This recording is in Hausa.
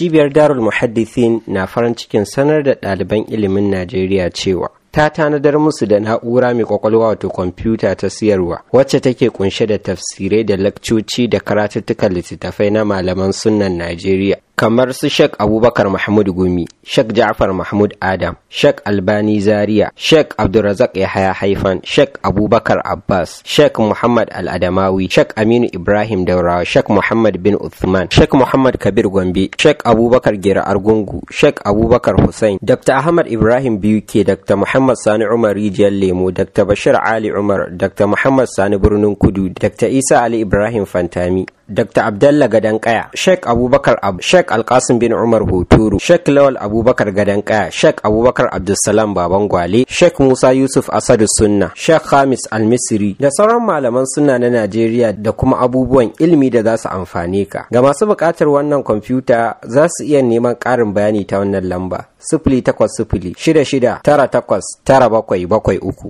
cibiyar darul muhaddithin na farin cikin sanar da ɗaliban ilimin najeriya cewa ta tanadar musu da na'ura mai kwakwalwa wato kwamfuta ta siyarwa wacce take kunshe da tafsirai da lakcoci da karatuttukan littattafai na malaman sunnan najeriya kamar su shek Abubakar Mahmud Gumi, Sheikh Ja'far Mahmud Adam, Sheikh Albani Zaria, Sheikh Abdulrazak Yahaya Haifan, Sheikh Abubakar Abbas, Sheikh Muhammad Al-Adamawi, Sheikh Aminu Ibrahim Daurawa, Sheikh Muhammad bin Uthman, Sheikh Muhammad Kabir Gombe, Sheikh Abubakar Gera Argungu, Sheikh Abubakar Hussein, Dr. Ahmad Ibrahim Biyuke, Dr. Muhammad Sani Umar Rijiyar Lemo, Dr. Bashir Ali Umar, Dr. Muhammad Sani Birnin Kudu, Dr. Isa Ali Ibrahim Fantami, Dr. Abdallah Gadankaya, Sheikh Abubakar Ab, shek... Sheikh Alkasim bin Umar Hoturu, Sheikh Lawal Abubakar kaya Sheikh Abubakar Abdulsalam Baban Gwale, Sheikh Musa Yusuf Asadu Sunna, Sheikh Hamis Almisiri da sauran malaman suna na Najeriya da kuma abubuwan ilimi da za su amfane ka. Ga masu buƙatar wannan kwamfuta za su iya neman ƙarin bayani ta wannan lamba. Sifili takwas sifili shida shida tara takwas tara bakwai bakwai uku.